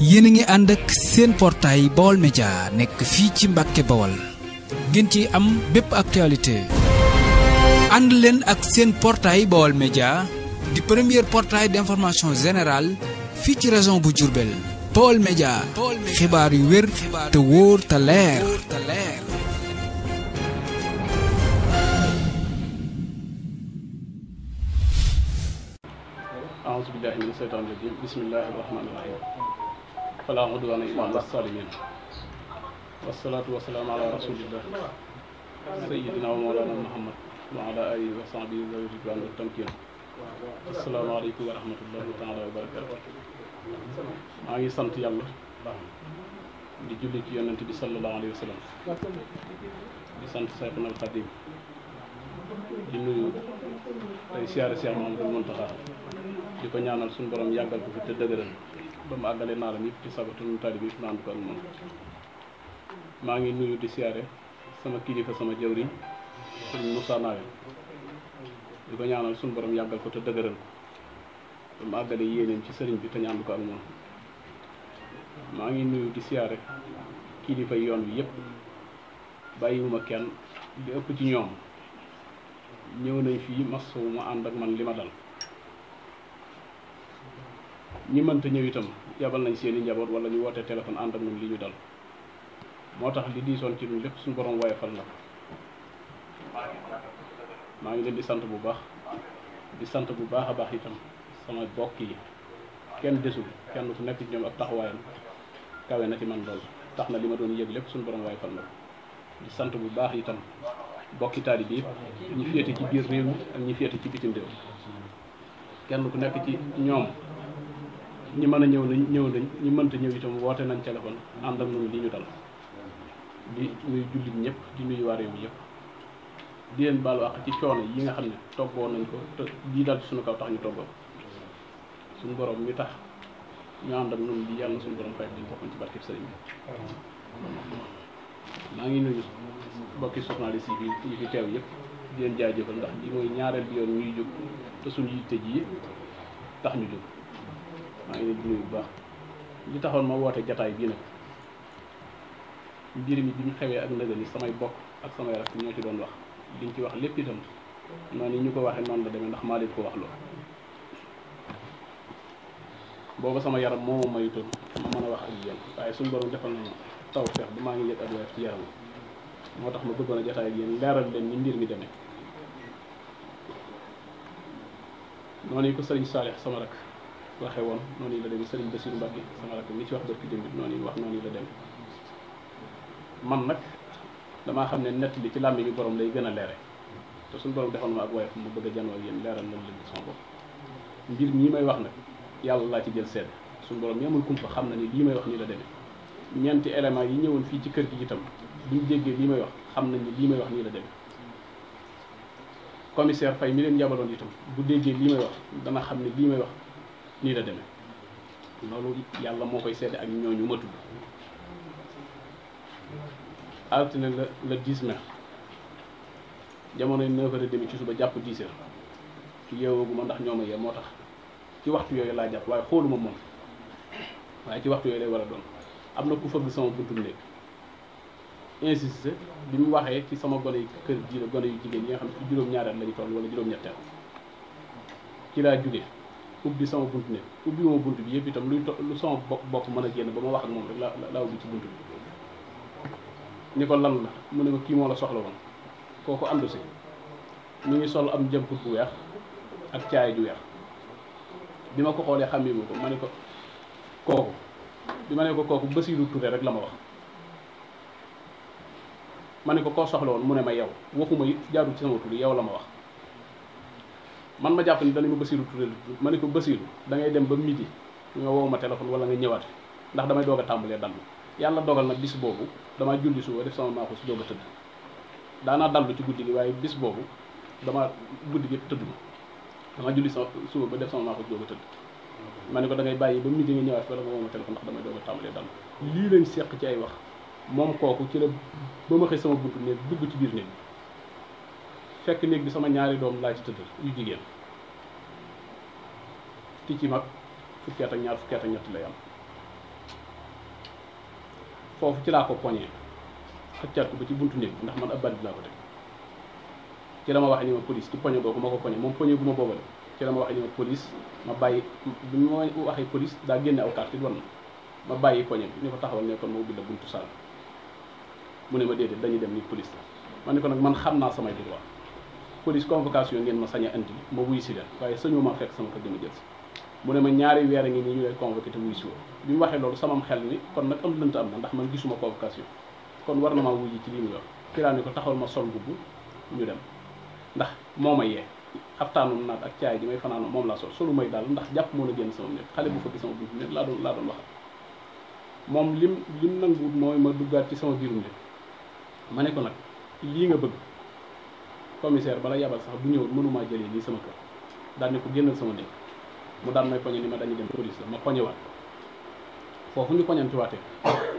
yéen a ngi ànd ak seen portail Baol media nekk fii ci Mbàkke Baol ngeen ci am bépp actualité ànd leen ak seen portail Baol media di premier portail d'information générale fii ci région bu Diourbel Baol Média xibaar yu wér te wóor te leer فلا عدوان إلا على الظالمين والصلاة والسلام على رسول الله سيدنا ومولانا محمد وعلى آله وصحبه ذوي الرضوان والتمكين السلام عليكم ورحمة الله تعالى وبركاته maa ngi sant yàlla di julli ci yonent bi sallallahu alayhi wa sallam di sant Seexul Xadiim di nuyu tey siyaare Seex Mamadou Muntaxa di ko ñaanal suñu borom yàggal ko fi te dëgëral ba mu àggale naalam yëpp ci sabatu nu taalib yëpp naandu ko ak moom maa ngi nuyu di siyaare sama kilifa sama jawriñ sëriñ Moussa Nawe di ko ñaanal suñu borom yàggal ko te dëgëral ko ba mu àggale yéeneem ci sëriñ bi te ñaandu ko ak moom maa ngi nuyu di siyaare kilifa yoon bi yëpp bàyyiwuma kenn li ëpp ci ñoom ñëw nañ fii masawu ma ànd ak man li ma dal ñi mënta ñëw itam yabal nañ seen i njaboot wala ñu wootee téléphone ànd ak li ñu dal moo tax li diisoon ci ñun lépp suñu borom fal na maa ngi leen di sant bu baax di sant bu baax a baax itam sama bokk yi kenn desul kenn ku nekk ci ak taxawaayam kawe na ci man lool tax na li ma doon yëg lépp suñu borom woyofal na di sant bu baax itam bokki taalibe yi ñi féete ci biir réew mi ak ñi féete ci bitim réew kenn ku nekk ci ñoom. ñi mën a ñëw nañ ñëw nañ ñi mënta ñëw itam woote nañ téléphone ànd ak noonu li ñu dal di nuyu jullit ñëpp di nuyu waa réew mi yëpp di leen baalu àq ci coono yi nga xam ne toggoo nañ ko te lii dal suñu kaw tax ñu toggoo suñu borom mi tax ñu ànd ak noonu lii yàlla na suñu ngi nuyu bokki journaliste yi fi yi fi teew yëpp di leen jaajëfal ndax li mooy ñaareel te suñu yitte tax ñu jóg maa ngi leen di bu baax li taxoon ma woote jataay bii nag mbir mi bi mu xewee ak ndëgël yi samay bokk ak samay rakk ñoo ci doon wax liñ ci wax lépp itam noonu yi ñu ko waxee noonu la demee ndax leen ko wax loolu sama yaram moo ma ma mën a wax ak yéen waaye suñu borom defal nañu taw feex bu maa ngi yëg ak woyof ci yaram moo tax ma bëggoon jataay ak yéen leeral leen ni mbir mi demee noonu yi ko sëriñ Saalix sama rakk waxee woon noonu yi la dem Serigne Bassirou Mbacke sama rakk mi ci wax barki démb noonu yi wax noonu yi la dem man nag damaa xam ne nett li ci làmb yi borom lay gën a leere te suñu borom defoon ma ak waaye mu bëgg a janoo yéen leeral nañ leen sama bopp mbir ñii may wax nag yàlla laa ci jël seede suñu borom mi amul kumpa xam na ni lii may wax nii la demee ñeenti éléments yi ñëwoon fii ci kër gi itam buñ jéggee lii may wax xam nañ ni lii may wax nii la demee commissaire Faye mi leen yabaloon itam bu déggee lii may wax dana xam ne lii may wax nii la demee loolu yàlla moo koy seede ak ñooñu ma tudd altine la le 10 mai jamonoy 9 heures et demi ci suba jàpp 10 heures ma ndax ñoo ma yee moo tax ci waxtu yooyu laa jàpp waaye xooluma moom waaye ci waxtu yooyu lay war a doon am na ku fëgg sama buntu néeg insisté bi mu waxee ci sama gone yi kër ji la gone yu jigéen yi xam ne ci juróom-ñaareel lañu toll wala juróom-ñetteel ci laa jugee. ubbi sama bunt ne ubbi woo bunt bi yëpp itam luy lu sama bokk mën a génn ba ma wax ak moom rek la laa ubbi ci bunt bi ni ko lan la mu ne ko kii moo la soxla woon kooku àndu si mu ngi sol am jëm bu weex ak caay ju weex bi ma ko xoolee xamee ma ko ma ne ko kooku bi ma ne ko kooku Basiiru Ture rek la ma wax ma ne ko koo soxla woon mu ne ma yow waxuma it jaarul ci sama tur yow la ma wax man ma jàpp ne danañ ma Basiiru Touré ma ne ko Basiiru da dangay dem ba midi nga woo ma téléphone wala nga ñëwaat ndax damay doog a tàmbalee dallu yàlla dogal nag bis boobu damaa julli suba def sama naaxu si doog a tëdd daanaa dallu ci guddi gi waaye bis boobu dama guddi gi tëdd dama julli sama ba def sama naaxu si ma ne ko da ngay bàyyi ba midi nga ñëwaat wala woo ma téléphone ndax damay doog a tàmbalee dallu lii leen seq ci ay wax moom kooku ci la ba ma xëy sama buntu ne dugg ci biir ne fekk néeg bi sama ñaari doom laa ci tëddal yu jigéen ki ci mag fukki at ak ñaar fukki at ak ñett lay am foofu ci laa ko poñee xëccaat ko ba ci buntu néeg bi ndax man ab bandit laa ko teg ci la ma waxee ni ma police ci poñe boobu ma ko poñe moom poñe bu ma boobale ci la ma waxee ni ma police ma bàyyi bi ma waxee police daa génne aw carte war na ma bàyyi poñe bi ñu ko taxawal ne kon ma ubbi la buntu saal mu ne ma déedéet dañu dem ni police la ne ko nag man xam naa samay police convocation ngeen ma sañ a indi ma wuy si leen waaye sañoo ma fekk sama kër gi ma jël si mu ne ma ñaari weer a ngi nii ñu lay convoqué te bi mu waxee loolu samam xel ni kon nag am lënt am na ndax man gisuma convocation kon war na maa wuy ji ci lii mu yor kiraan ko taxawal ma sol mbubb ñu dem ndax moo ma yee xaftaanum naat ak caay ji may fanaanoo moom laa sol solu may daal ndax jàpp moo na génn sama néeg xale bu fëgg sama biir néeg laa doon laa doon waxal moom ma duggaat ci sama biiru néeg ma ne ko nag lii commissaire bala yabal sax bu ñëwul mënumaa jëlee nii sama kër daan ne ko génnal sama néeg mu daan may poñe ni ma dañu dem police la ma poñewaat foofu ñu poñantiwaatee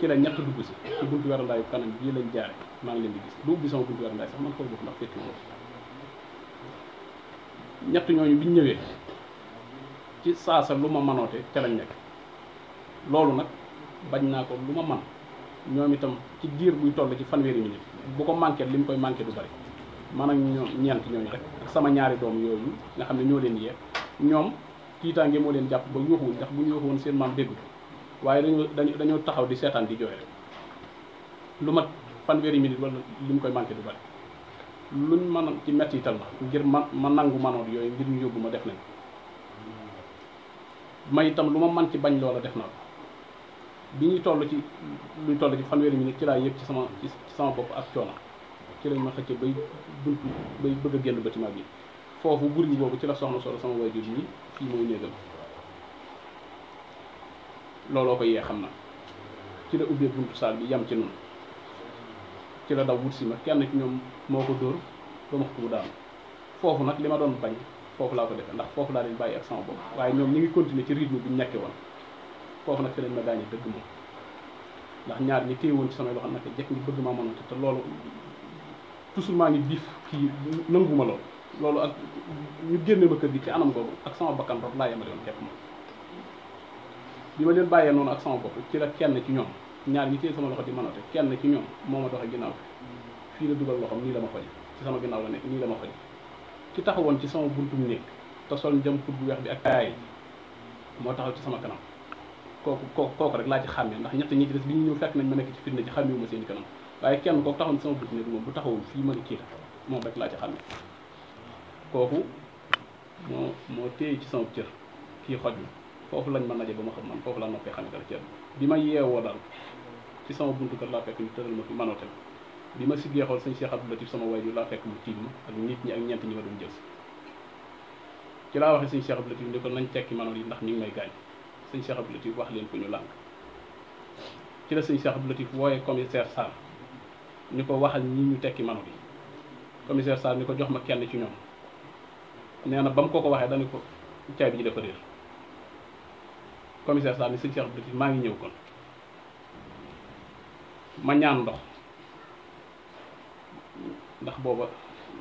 ki la ñett dugg si ci buntu werandaayu kanam bii lañ jaare maa ngi leen di gis du ubbi sama buntu werandaay sax man koy bokk ndax fekki woo ñett ñooñu biñ ñëwee ci saasa lu ma manoote ca lañ nekk loolu nag bañ naa ko lu ma man ñoom itam ci diir buy toll ci fanweeri minute bu ko manqué li mu koy manqué du bari man ak ñoom ñeent ñooñu rek ak sama ñaari doom yooyu nga xam ne ñoo leen yee ñoom tiitaange moo leen jàpp ba yuuxuwuñ ndax bu ñu yuuxuwoon seen maam déggutu waaye dañoo dañoo taxaw di seetaan di jooy rek lu mat fanweeri minute wala li mu koy manqué du bari luñ mën ci mettital la ngir man ma nangu manoon yooyu ngir ñu yóbbu ma def nañ may itam lu ma man ci bañ loola def naa ko bi ñuy toll ci luñ toll ci fanweeri minute ci laa yëg ci sama ci sama bopp ak coono ci lañ ma xëcc bëgg a génn bi foofu buriñ boobu ci la soxna solo sama waajur yi fii mooy néegam looloo ko yee xam na ci la ubbee buntu saal bi yam ci noonu ci la daw wut si ma kenn ci ñoom moo ko dóor ba maxtu bu daanu foofu nag li ma doon bañ foofu laa ko defee ndax foofu laa leen bàyyi ak sama bopp waaye ñoom ñu ngi continuer ci rythme bi ñu nekkee woon foofu nag fi lañ ma daañu dëgg moom ndax ñaar ñi téye woon ci samay loxo nag jekk ñu bëgg maa mënante te loolu toujours maa ngi diif kii nanguma lool loolu ak ñu génne ma kër gi ci anam googu ak sama bakkan rek laa yemale woon képp ma bi ma leen bàyyee noonu ak sama bopp ci la kenn ci ñoom ñaar ñi téye sama loxo di te kenn ci ñoom moo ma doxe ginnaaw fii la dugal loxoom nii la ma faje ci sama ginnaaw la nekk nii la ma faje ci taxawoon ci sama buntum néeg te sol njëm put bu weex bi ak kaay moo taxaw ci sama kanam kooku kooku kooku rek laa ci xàmmee ndax ñett ñi ci seen kanam waaye kenn kooku taxoon sama bët nekk moom bu taxawul fii ma ngi kii moom rek laa ci xam ne kooku moo moo téye ci sama cër kii xoj ma foofu lañ ma naje ba ma xam man foofu laa noppee xam ne dara cër bi ma yeewoo daal ci sama buntu kër laa fekk ñu tëral ma fi manotel ma siggee xool sëñ Cheikh Abdou Latif sama waajur laa fekk mu tiim ma ak nit ñi ak ñeent ñi ma doon jël ci laa waxee sëñ Cheikh Abdou ni ko nañ tekki manool yi ndax ñu ngi may gaañ sëñ Cheikh Abdou Latif wax leen ko ñu lànk ci la sëñ Cheikh Abdou Latif wooyee commissaire Sarr ñu ko waxal ñi ñu tekki mano bi commissaire Sarr ni ko jox ma kenn ci ñoom nee na ba mu ko ko waxee dañu ko caabi ji dafa réer commissaire Sarr ni sëñ Cheikh Abdou maa ngi ñëw kon ma ñaan ndox ndax booba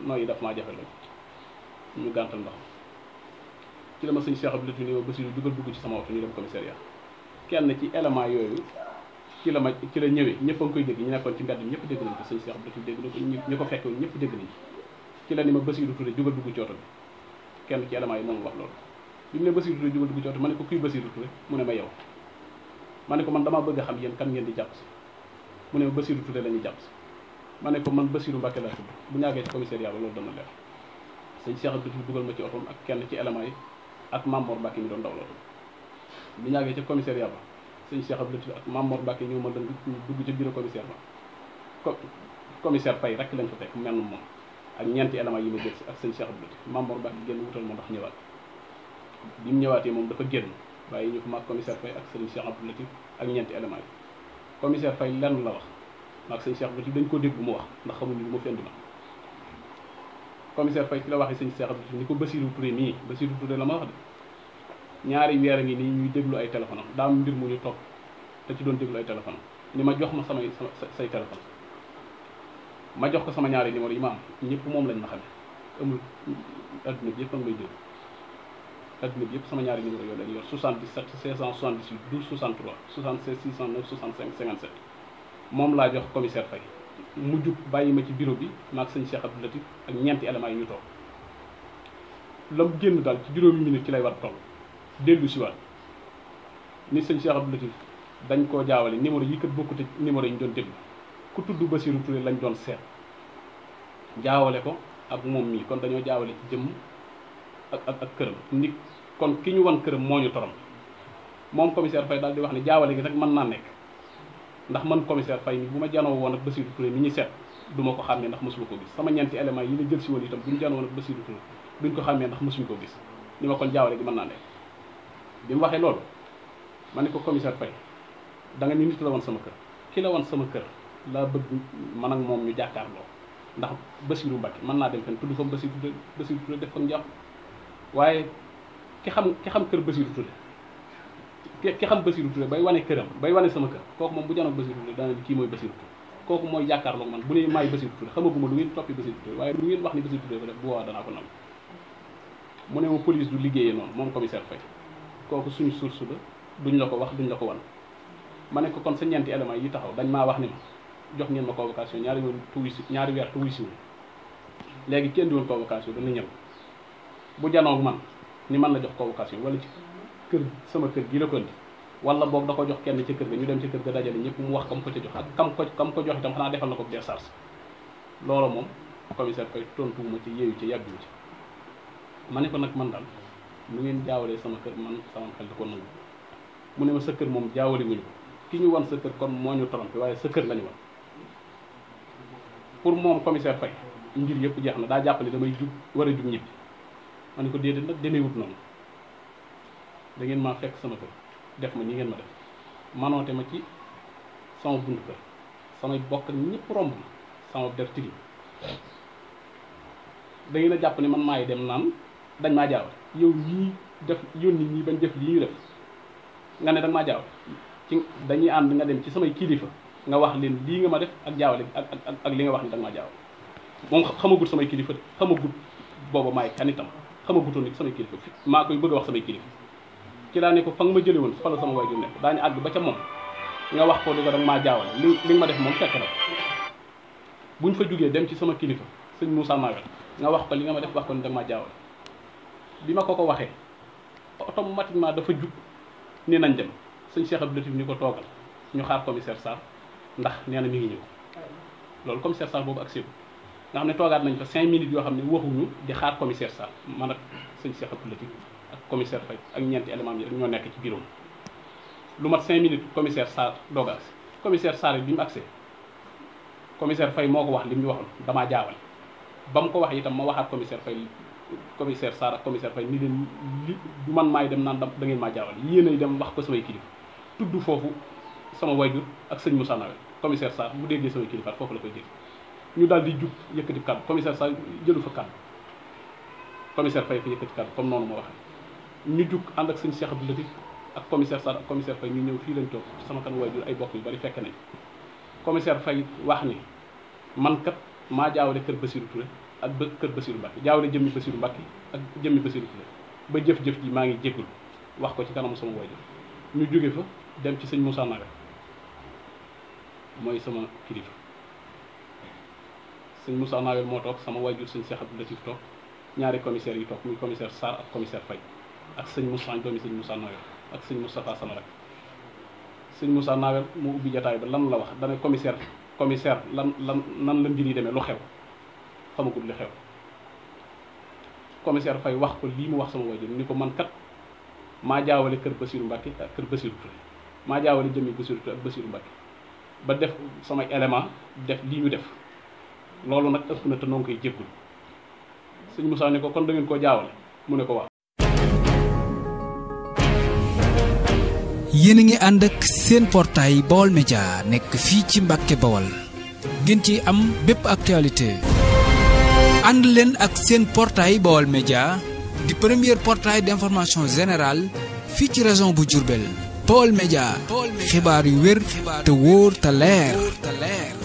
nooyi daf maa jafe lool ñu gàntal ndox ci la ma sëñ Cheikh Abdou ni yow Basiru jugal dugg ci sama oto ñu dem commissariat kenn ci élément yooyu ci la ma ci la ñëwee ñëpp a koy dégg ñu nekkoon ci mbedd mi ñëpp dégg nañ ko sëñ Cheikh Abdou dégg na ko ñu ko fekkee ñëpp dégg nañ ci la ni ma Bassirou Touré jugal dugg ci oto bi kenn ci élément yi moom wax loolu bi mu ne Bassirou Touré jugal dugg ci oto ma ne ko kuy Bassirou Touré mu ne ma yow ma ne ko man damaa bëgg xam yéen kan ngeen di jàpp si mu ne ma Bassirou Touré la ñu jàpp si ma ne ko man Bassirou Mbacke laa tudd bu ñaagee ci commissariat ba loolu dana leer sëñ Cheikh Abdou dugal ma ci otoom ak kenn ci élément yi ak Mamor Mbacke mi doon daw loolu bu ñaagee ci commissariat ba sëñ Cheikh Abdou Latif ak Mamor Mbacke ñoo ma dëng dugg ci bureau commissaire ba commissaire Faye rek lañ fa teg mel moom ak ñeenti éléments yi ma jël si ak sëñ Cheikh Abdou Latif Mamor Mbacke génn wutal ma ndax ñëwaat bi mu ñëwaatee moom dafa génn waaye ñu ko maag commissaire Faye ak sëñ Cheikh Abdou Latif ak ñeenti element yi commissaire Faye lenn la wax maag sëñ Cheikh Abdou dañ ko dégg bu mu wax ndax xamuñu lu ma fi indi ma commissaire Faye ci la waxee sëñ Cheikh Abdou Latif ni ko Basirou Touré mii Basirou Touré la ma ñaari weer a ngi nii ñuy déglu ay téléphone am daam mbir mu ñu toog te ci doon déglu ay téléphone ni ma jox ma samay say téléphone ma jox ko sama ñaari numéro yi ma am ñëpp moom lañ ma amul adduna bi yëpp a ngi may déglu adduna bi yëpp sama ñaari numéro yooyu lañ yor 77 678 12 63 76 609 65 57 moom laa jox commissaire Faye mu jub bàyyi ma ci bureau bi maag sëñ Cheikh Abdou Latif ak ñeenti éléments yi ñu toog la mu génn daal ci juróomi minute ci lay war toll dellu siwaat waat ni sëñ Cheikh dañ koo jaawale numéro yi kat bokkute numéro yi ñu doon déglu ku tudd Bassirou Touré lañ doon seet jaawale ko ak moom mii kon dañoo jaawale ci jëmm ak ak ak këram nit kon ki ñu wan këram moo ñu torom moom commissaire Faye daal di wax ne jaawale gi rek mën naa nekk ndax man commissaire Faye ni bu ma janoo woon ak Bassirou Touré mi ñu seet du ma ko xàmmee ndax mosuma ko gis sama ñeenti éléments yi la jël si woon itam janoo woon ak Bassirou ko xàmmee gi mën naa nekk bi mu waxee loolu ma ne ko commissaire Paye da nga ni nit la woon sama kër ki la woon sama kër laa bëgg man ak moom ñu jàkkaarloo ndax Bassirou ba mën naa def ko njaam waaye ki xam ki xam kër Bassirou Touré ki xam Bassirou Touré bay wane këram bay wane sama kër kooku moom bu janoog Bassirou Touré daana di kii mooy Bassirou Touré kooku mooy jàkkaarloo man bu ne maay Bassirou Touré xamaguma lu ngeen toppi Bassirou Touré waaye lu ngeen wax ni Bassirou Touré ba def bu waa danaa ko nangu mu ne ma police du liggéeyee noonu moom commissaire Faye kooku suñu source la duñu la ko wax duñu la ko wan ma ne ko kon sa ñeenti éléments yi taxaw dañ maa wax ni ma jox ngeen ma convocation ñaari weer tuuti si ñaari weer tuuti léegi kenn du woon convocation dana ñëw bu janoog man ni man la jox convocation wala ci kër sama kër gi la ko indi wala boog da ko jox kenn ca kër ga ñu dem ca kër ga dajale ñëpp mu wax kam ko ca jox ak kam ko kam ko jox itam xanaa defal na ko décharge loolu moom commissaire koy tontuwuma ci yéeyu ci yàgguwu ci ma ne ko nag man daal. lu ngeen jaawalee sama kër man sama xel di ko nangu mu ne ma sa kër moom jaawale wuñu ko ki ñu wan sa kër kon moo ñu trompé waaye sa kër la ñu wan pour moom commissaire Faye mbir yëpp jeex na daa jàpp ne damay jub war a jub ñibbi ma ne ko déedéet nag demeewut noonu da ngeen maa fekk sama kër def ma ñi ngeen ma def manoote ma ci sama bunt kër samay bokk ñëpp romb na sama der tigi da ngeen a jàpp ni man maay dem naan dañ maa jaawale yow yii def yónni ñi bañ def lii ñu def nga ne da maa jaaw ci dañuy ànd nga dem ci samay kilifa nga wax leen lii nga ma def ak jaawale ak ak ak li nga wax ne da maa jaaw moom xamagut samay kilifa xamagut booba maay kan itam xamagutoon ni samay kilifa maa koy bëgg wax samay kilifa ci laa ko fa nga ma jële woon fa la sama waajur nekk daañu àgg ba ca moom nga wax ko di ko da maa jaawale li li nga ma def moom fekk bu ñu fa jugee dem ci sama kilifa sëñ Moussa Mawel nga wax ko li nga ma def wax ko ni da maa jaawale bi ma ko ko waxee automatiquement dafa jug ni nañ dem sëñ Cheikh Abdou Latif ni ko toogal ñu xaar commissaire Sarr ndax nee na mi ngi ñëw loolu commissaire Sarr boobu ak sibu nga xam ne toogaat nañ fa cinq minutes yoo xam ne waxuñu di xaar commissaire Sarr man ak sëñ Cheikh Abdou Latif ak commissaire Faye ak ñeenti élément yi ñoo nekk ci bureau lu mat cinq minutes commissaire Sarr doog agsi commissaire Sarr bi mu agsee commissaire fay moo ko wax li mu ñu damaa jaawal ba mu ko wax itam ma waxaat commissaire Faye commissaire Sarr ak commissaire Faye ni leen li du man maay dem naan da ngeen maa jaawale yéenay dem wax ko samay kilifa tudd foofu sama wayjur ak sëñ Moussa Nawel commissaire Sarr bu déggee samay kilifa foofu la koy dégg ñu daal di jub yëkkati kàddu commissaire Sarr jëlu fa kàddu commissaire Faye yëkkati kàddu comme noonu ma waxee ñu jug ànd ak sëñ Cheikh Abdou Latif ak commissaire Sarr ak commissaire Faye ñu ñëw fii lañ toog sama kan wayjur ay bokk yu bari fekk nañ commissaire Faye wax ni man kat maa jaawale kër ak ba kër Bassirou Mbacké jaawale jëmmi Bassirou Mbacké ak jëmmi Bassirou Touré ba jëf-jëf ji maa ngi jéggul wax ko ci kanamu sama waajur ñu jóge fa dem ci sëñ Moussa Naga mooy sama kilifa sëñ Moussa Naga moo toog sama waajur sëñ Cheikh Abdou Latif toog ñaari commissaire yi toog muy commissaire Sarr ak commissaire fay ak sëñ Moussa doomi sëñ Moussa Naga ak sëñ Moustapha Samarak sëñ Moussa Nawel mu ubbi jataay ba lan la wax dana commissaire commissaire lan lan nan la mbir yi demee lu xew xamagul li xew commissaire Faye wax ko lii mu wax sama waajur ni ko man kat maa jaawale kër Bassirou Mbacké ak kër maa jaawale jëmmi Bassirou Touré ak ba def sama élément def lii ñu def loolu nag ëpp na te noo ngi koy jéggul sëñ Moussa ko kon da koo jaawale mu ne ko waaw. yéen a ngi ànd ak seen portail Baol Média nekk fii ci Mbàkke Bawol gën ci am bépp actualité ànd leen ak seen portail Baol Média di premier portail d'information générale fii ci région bu Diourbel Baol Média xibaar yu wér te wóor te leer